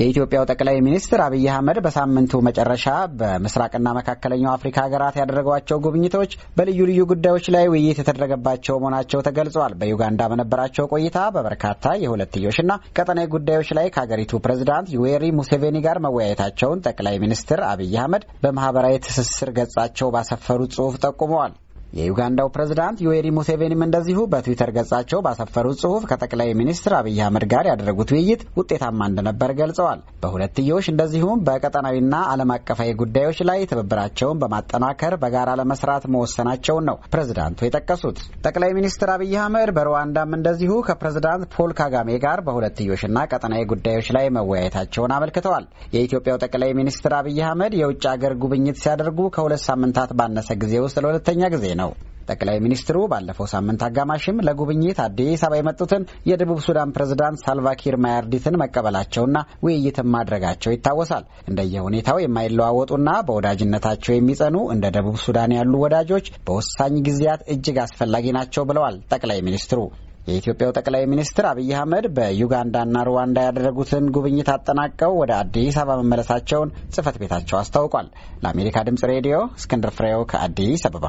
የኢትዮጵያው ጠቅላይ ሚኒስትር አብይ አህመድ በሳምንቱ መጨረሻ በምስራቅና መካከለኛው አፍሪካ ሀገራት ያደረጓቸው ጉብኝቶች በልዩ ልዩ ጉዳዮች ላይ ውይይት የተደረገባቸው መሆናቸው ተገልጿል። በዩጋንዳ በነበራቸው ቆይታ በበርካታ የሁለትዮሽና ቀጠናዊ ጉዳዮች ላይ ከሀገሪቱ ፕሬዝዳንት ዩዌሪ ሙሴቬኒ ጋር መወያየታቸውን ጠቅላይ ሚኒስትር አብይ አህመድ በማህበራዊ ትስስር ገጻቸው ባሰፈሩት ጽሑፍ ጠቁመዋል። የዩጋንዳው ፕሬዝዳንት ዩዌሪ ሙሴቬኒም እንደዚሁ በትዊተር ገጻቸው ባሰፈሩት ጽሑፍ ከጠቅላይ ሚኒስትር አብይ አህመድ ጋር ያደረጉት ውይይት ውጤታማ እንደነበር ገልጸዋል። በሁለትዮሽ እንደዚሁም በቀጠናዊና ዓለም አቀፋዊ ጉዳዮች ላይ ትብብራቸውን በማጠናከር በጋራ ለመስራት መወሰናቸውን ነው ፕሬዝዳንቱ የጠቀሱት። ጠቅላይ ሚኒስትር አብይ አህመድ በሩዋንዳም እንደዚሁ ከፕሬዝዳንት ፖል ካጋሜ ጋር በሁለትዮሽና ቀጠናዊ ጉዳዮች ላይ መወያየታቸውን አመልክተዋል። የኢትዮጵያው ጠቅላይ ሚኒስትር አብይ አህመድ የውጭ አገር ጉብኝት ሲያደርጉ ከሁለት ሳምንታት ባነሰ ጊዜ ውስጥ ለሁለተኛ ጊዜ ነው። ጠቅላይ ሚኒስትሩ ባለፈው ሳምንት አጋማሽም ለጉብኝት አዲስ አበባ የመጡትን የደቡብ ሱዳን ፕሬዝዳንት ሳልቫኪር ማያርዲትን መቀበላቸውና ውይይትን ማድረጋቸው ይታወሳል። እንደየሁኔታው የማይለዋወጡና በወዳጅነታቸው የሚጸኑ እንደ ደቡብ ሱዳን ያሉ ወዳጆች በወሳኝ ጊዜያት እጅግ አስፈላጊ ናቸው ብለዋል ጠቅላይ ሚኒስትሩ። የኢትዮጵያው ጠቅላይ ሚኒስትር አብይ አህመድ በዩጋንዳና ሩዋንዳ ያደረጉትን ጉብኝት አጠናቀው ወደ አዲስ አበባ መመለሳቸውን ጽህፈት ቤታቸው አስታውቋል። ለአሜሪካ ድምጽ ሬዲዮ እስክንድር ፍሬው ከአዲስ አበባ